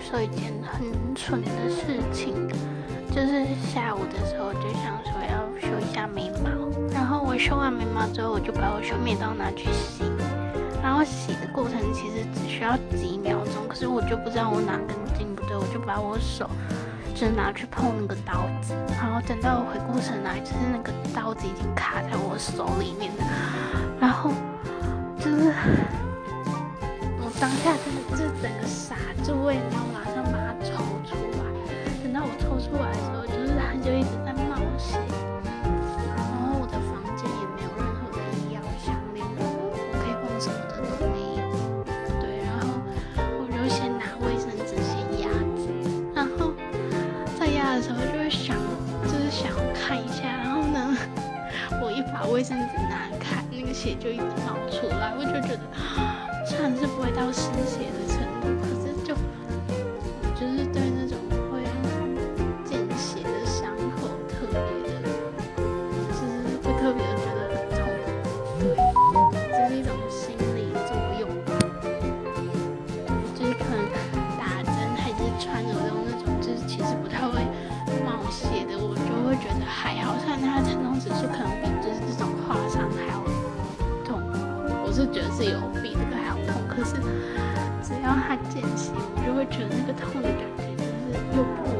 說一件很蠢的事情，就是下午的時候就想說要修一下眉毛，然後我修完眉毛之後，我就把我修眉刀拿去洗，然後洗的過程其實只需要幾秒鐘，可是我就不知道我哪根筋不對，我就把我手就拿去碰那個刀子，然後等到我回過神來，就是那個刀子已經卡在我手裡面了，然後就是我當下真的就是整個傻子，就為了。想就是想看一下，然後呢，我一把衛生紙拿開，那個血就一直冒出來，我就覺得算是不會到失血的程度，可是。那它的疼痛指數可能比就是這種劃傷還要痛，我是覺得是有比這個還要痛。可是只要它間隙，我就會覺得那個痛的感覺就是又不。